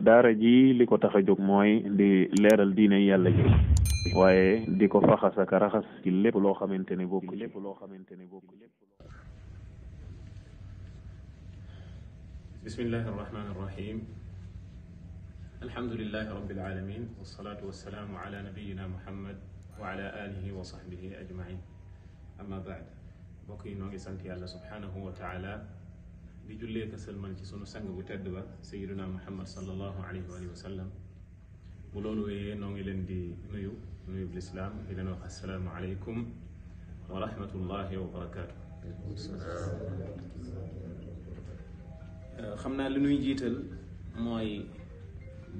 daara ji li ko tax a jóg mooy di leeral diine yàlla ji waaye di ko faxas ak raxas ci lépp loo xamante ne bokk lépp loo xamante ne bokk lépp bismillahi arrahmani arrahim alhamdulilahi rabbil alamin wassalatu wassalaamu ala nabiyina muhammad wa ala alihi wa sahbihi ajmain amma baad mbokk yi noo ngi sant yàlla subhanahu wa taala di jullee ka sëlmal ci sunu sang bu tedd ba sayyiduna muhammad sallallahu alayhi wa sallam bu loolu wéyee noo ngi leen di nuyu nuyu lislaam di leen wax assalaamu alaykum wa rahmatullahi wa barakaatu xam naa li nuy jiital mooy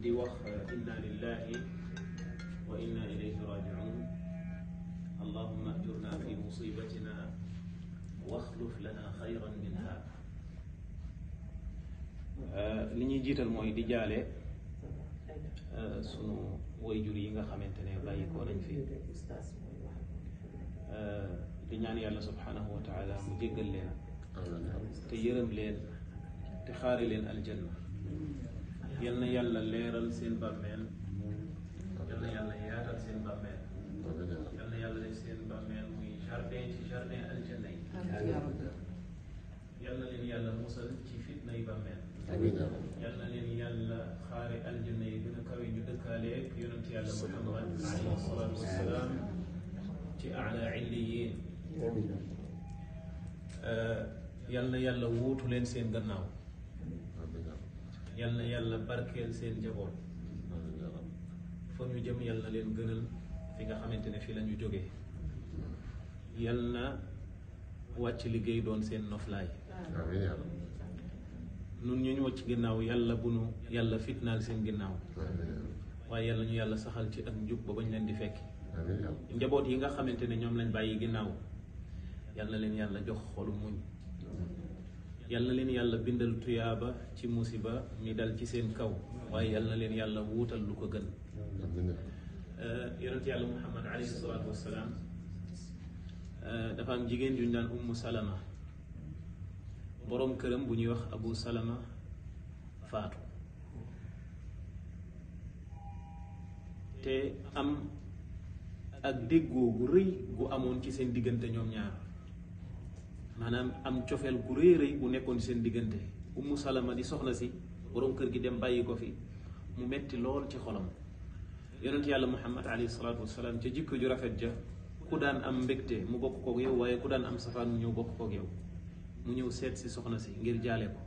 di wax inna lillahi wa inna ilayhi rajiun allahumma ajurna fi musibatina واخلف لنا خيرا منها li ñuy jiital mooy di jaale sunu wayjur yi nga xamante ne bàyyi ko nañ fi di ñaan yàlla subhanahu wa taala mu jéggal leen te yërëm leen te xaari leen aljanna yal na yàlla leeral seen bàmmeel yal na yàlla yaatal seen bàmmeel yal na yàlla def seen bàmmeel muy jardin ci jardin aljanna yi yal na leen yàlla musal ci fitna yi bàmmeel amiin yal na leen yàlla xaare aljanna yi gën a kawe ñu dëkkaaleeg yonent yàlla muhammad alayhi salaatu wasalaam ci ala illiyin yal na yàlla wuutu leen seen gannaaw yal na yàlla barkeel seen njaboot fa ñu jëm yal leen gënal fi nga xamante ne fi la ñu jógee yal na wàcc liggéey doon seen noflaay nun ñu ñu wacc ginnaaw yàlla bu nu yàlla fitnaal seen ginnaaw waaye yàlla ñu yàlla saxal ci ak njub ba bañ leen di fekk njaboot yi nga xamante ne ñoom lañ bàyyi ginnaaw yàlla leen yàlla jox xolu muñ yàlla leen yàlla bindal tuyaaba ci musiba mi dal ci seen kaw waaye yàlla leen yàlla wuutal lu ko gën yonent yàlla muhammad alayhi salaatu wasalaam dafa am jigéen juñ daan ummu salama borom kërëm bu ñuy wax abu salama faatu te am ak déggoo gu rëy gu amoon ci seen diggante ñoom ñaar maanaam am cofeel gu rëy rëy gu nekkoon ci seen diggante ummu salama di soxna si borom kër gi dem bàyyi ko fi mu metti lool ci xolam yonent yàlla muhammad alayhi salaatu wasalaam ca jikko ju rafet ja ku daan am mbégte mu bokk kook yow waaye ku daan am safaan mu ñëw bokk yow mu ñëw seet si soxna si ngir jaale ko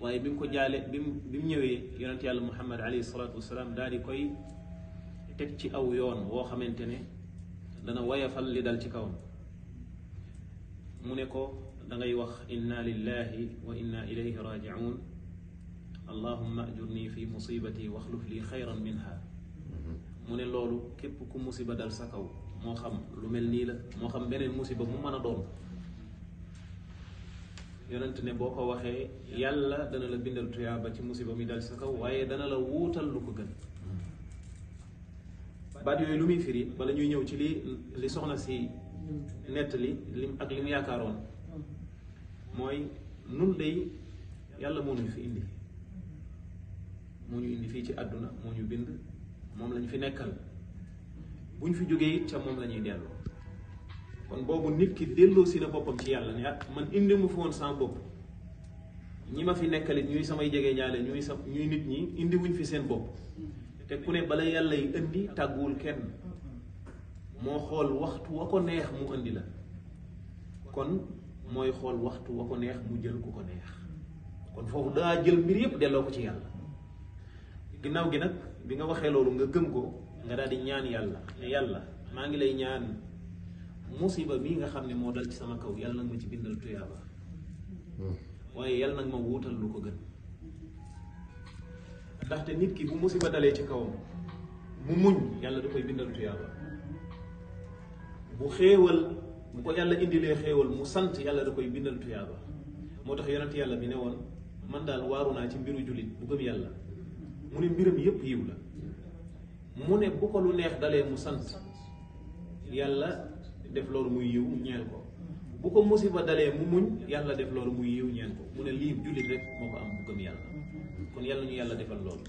waaye bi mu ko jaale bi mu bi mu ñëwee yonent yàlla muhammad alayhi salaatu wasalaam daal koy teg ci aw yoon woo xamante ne dana wayafal li dal ci kawam mu ne ko dangay wax inna lillahi wa inna ilayhi rajiun allahumma ajurni fi musibati waxluf li xayran minha mu ne loolu képp ku musiba dal sa kaw moo xam lu mel nii la moo xam beneen musiba mu mën a doom yonent ne boo ko waxee yàlla dana la bindal tuyaaba ci musiba muy dal sa kaw waaye dana la wuutal lu ko gën baat yooyu lu muy firi bala ñuy ñëw ci li li soxna si nettali lim ak lim yaakaaroon mooy nun day yàlla moo ñu fi indi moo ñu indi fii ci àdduna moo ñu bind moom lañ fi nekkal bu ñu fi jógee it ca moom lañuy ñuy dellu kon boobu nit ki delloo si na boppam ci yàlla ne ah man indi mu fi woon sama bopp ñi ma fi nekkali ñuy samay jege ñaale ñuy sa ñuy nit ñi indi wuñ fi seen bopp te ku ne bala yàlla yi indi tagul kenn moo xool waxtu wa ko neex mu indi la kon mooy xool waxtu wa ko neex mu jël ku ko neex kon foofu daa jël mbir yépp delloo ko ci yàlla ginnaaw gi nag bi nga waxee loolu nga gëm ko nga daal di ñaan yàlla ne yàlla maa ngi lay ñaan musiba mii nga xam ne moo dal ci sama kaw yàlla nag ma ci bindal tuyaaba waaye yàlla nag ma wuutal lu ko gën ndaxte nit ki bu musiba dalee ci kawam mu muñ yàlla da koy bindal tuyaaba bu xéewal bu ko yàlla indilee xéewal mu sant yàlla da koy bindal tuyaaba moo tax yonent yàlla bi ne woon man daal waaru naa ci mbiru jullit bu gëm yàlla mu ne mbiram yépp yiw la mu ne bu ko lu neex dalee mu sant yàlla def loolu muy yiw ñeel ko bu ko musiba dalee mu muñ yàlla def loolu muy yiw ñeel ko mu ne lii jullit rek moo ko am bu gëm yàlla kon yàlla ñu yàlla defal loolu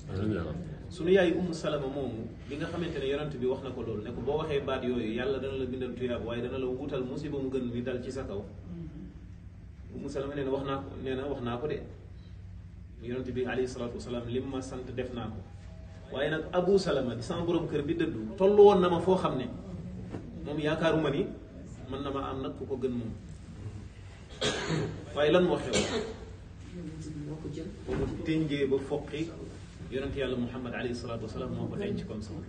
sunu yaay umu salama moomu bi nga xamante ne bi wax na ko loolu ne ko boo waxee baat yooyu yàlla dana la bindal tuyaab dana la wutal musiba mu gën dal ci sa kaw salama wax wax de bi sant def naa ko abu salama di sama borom kër bi dëddu tollu na ma moom yaakaaruma ni mën na ma am nag ku ko gën moom waaye lan moo xew ba mu téngee ba foqi yonent yàlla muhammad alayhi salaatu wasalaam moo ko denc comme sama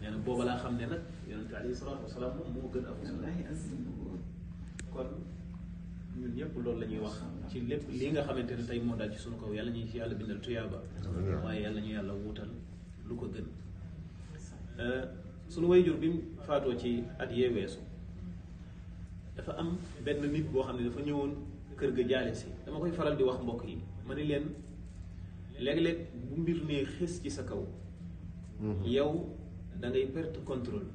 nee na booba laa xam ne nag yonent alayhi salaatu wasalaam moom moo gën abu kon ñun ñëpp loolu la ñuy wax ci lépp li nga xamante ne tey moo daal ci suñu kaw yàlla ñuy ci yàlla bindal tuyaaba waaye yàlla ñu yàlla wuutal lu ko gën euh, suñu wayjur bi mu faatoo ci at yee weesu dafa am benn nit boo xam ne dafa ñëwoon kër ga jaale si dama koy faral di wax mbokk yi ma ne leen léeg-léeg bu mbir nee xis ci sa kaw mhm. yow dangay ngay perte contrôle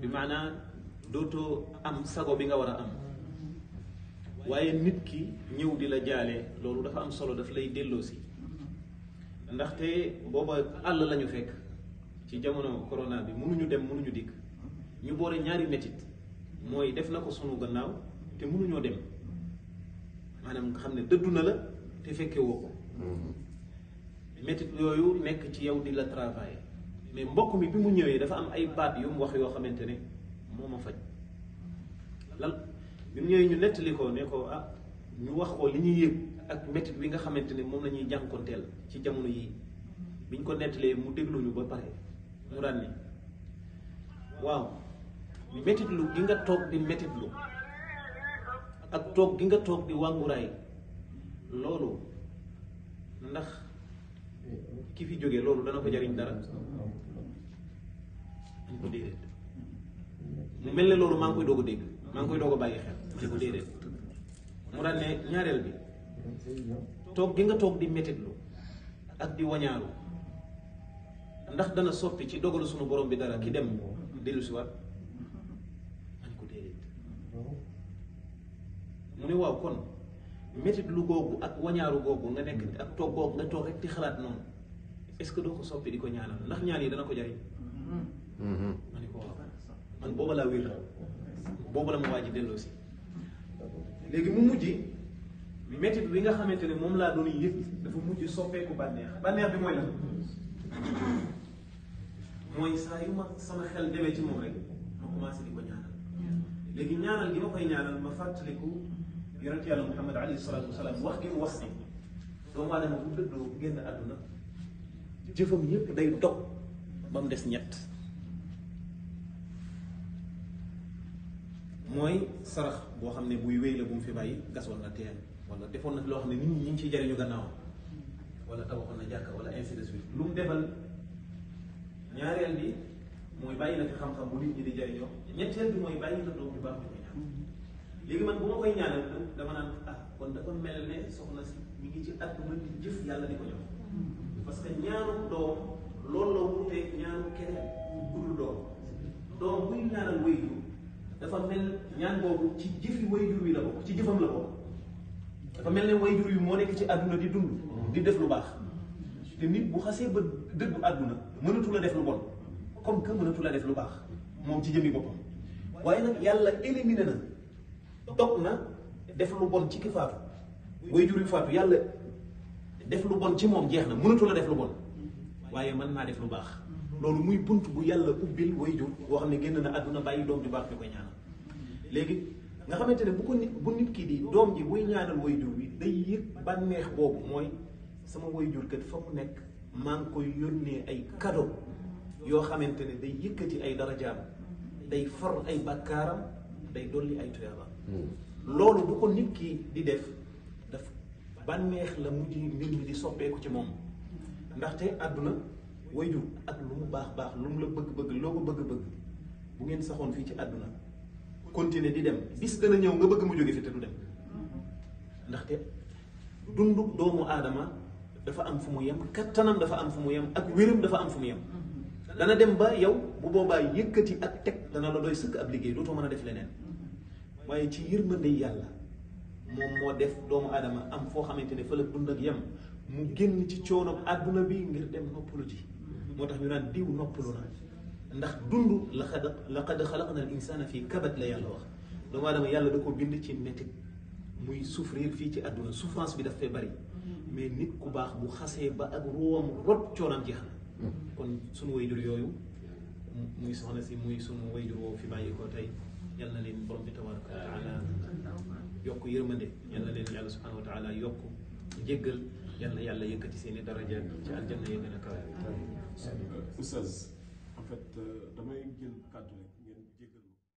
bi maanaa dootoo am sago bi nga war a am waaye nit ki ñëw di la jaale loolu dafa am solo daf lay delloosi ndaxte booba àll lañu fekk ci jamono corona bi mënuñu dem mënuñu dikk hmm. ñu boole ñaari metit mooy def na ko sunu gannaaw te mënuñoo dem maanaam nga xam ne dëddu na la te fekke woo ko hmm. métit yooyu nekk ci yow di la travailler mais mbokk mi bi mu ñëwee dafa am ay baat yu mu wax yoo xamante ne moo ma faj lan bi mu ñëwee ñu nettali ko ne ko ah ñu wax ko li ñuy yëg ak métit bi nga xamante ne moom la ñuy teel ci jamono yii biñ ko nettalee mu dégluñu ba pare mu daan waaw métitlu gi nga toog di métitlu ak toog gi nga toog di wànguraay loolu ndax ki fi jógee loolu dana ko jariñ dara dañ ko déedéet mu mel ne loolu maa ngi koy doog a dégg maa ngi koy doog a bàyyi xel dañ ko déedéet mu ñaareel bi toog gi nga toog di métitlu ak di wañaaru ndax dana soppi ci dogalu sunu borom bi dara ki dem dellu si waat ma ko dedet mune waw kon metit lu gogou ak wañaru gogou nga nek ak tok gogou nga tok rek di xalat non est ce que doko soppi diko ñaanal ndax ñaan yi dana ko jari mm-hmm. ma ko waaw man boba la wir boba la waji delo ci si mu mujji metit wi nga xamantene mom la doon yëg dafa mujji soppeku banex banex bi moy lan moy sa yu ma sama xel deme ci mom rek ma commencé diko ñaanal legi ñaanal gi ma koy ñaanal ma fàttaliku yaronte yàlla Muhammad ali sallallahu alayhi wasallam wax gi mu wax ni doomu aadama bu dëddoo génn aduna jeufam yépp day dog bam dess des ñett mooy sarax bo xamne ne buy wéy la bu mu fi bàyyi gasol na teen wala defon na lo xamne nit ñi ñu ngi ciy jariñu gannaaw wala tabaxoon na jàkka wala ainsi de suite lu mu defal ñaareel bi mooy bàyyi la fi xam-xam bu nit ñi di jariñoo ñetteel bi mooy bàyyi la doom yu baax di ñaan léegi man bu ma koy ñaanal dama naan ah kon dafa mel ne soxna si mi ngi ci at jëf yàlla di que ñaanu doom loolu la wuteeg ñaanu keneen dafa mel ñaan boobu ci jëfi wayjur wi la bokk ci jëfam la bokk dafa mel ne wayjur wi moo nekk ci àdduna di dund di def lu baax te nit bu xasee ba àdduna la def lu bon comme que la def lu baax moom ci jëmi éliminé na na def lu bon ci ki way juri faatu yàlla def lu bon ci moom jeex na la def lu bon waaye mën naa def lu baax loolu muy bunt bu yàlla ubbil way jur boo xam ne na àdduna bàyyi doom ju baax ñu ñaanal léegi nga xamante ne bu ko bu nit di doom ji ñaanal way day sama waajur kat fa mu nekk maa ngi koy yónnee ay kado yoo xamante ne day yëkkati ay darajaam day far ay bàkkaaram day dolli ay tuyaaba hmm. loolu bu ko nit di def daf bànneex la mujj mbir mi di soppeeku ci moom ndaxte àdduna way waajur ak lu mu baax baax lu mu la bëgg-bëgg loo ko bëgg-bëgg bu ngeen saxoon fii ci àdduna continuer di dem bis dana ñëw nga bëgg mu jóge fi te du dem ndaxte dundu doomu aadama dafa am fu mu yem kattanam dafa am fu mu yem ak wéram dafa am fu mu yem dana dem ba yow bu boobaa yëkkati ak teg dana la doy sëkk ab liggéey dootoo mën a def leneen waaye ci yërmande yàlla moom moo def doomu aadama am foo xamante ne fa la dund ak yem mu génn ci coono àdduna bi ngir dem noppalu ji moo tax ñu naan diw noppalu na ndax dund laqad laqad xalaqna al insana fii kabat la yàlla wax doomu aadama yàlla da ko bind ci mettit muy souffrir fi ci aduna souffrance bi daf fay bari mais nit ku bax bu xasse ba ak roowam rot cionam jeex na kon sunu wayjur yoyu muy soxna si muy sunu wayjur wo fi bàyyi ko tey yal na leen borom bi tabaraka wa taala yokk yërmande yalla na leen yàlla subhanahu wa taala yokk jéggal yalla yàlla yëkati seen daraja ci aljanna yi gën a kawe oustaz en fait damay jël kàddu rek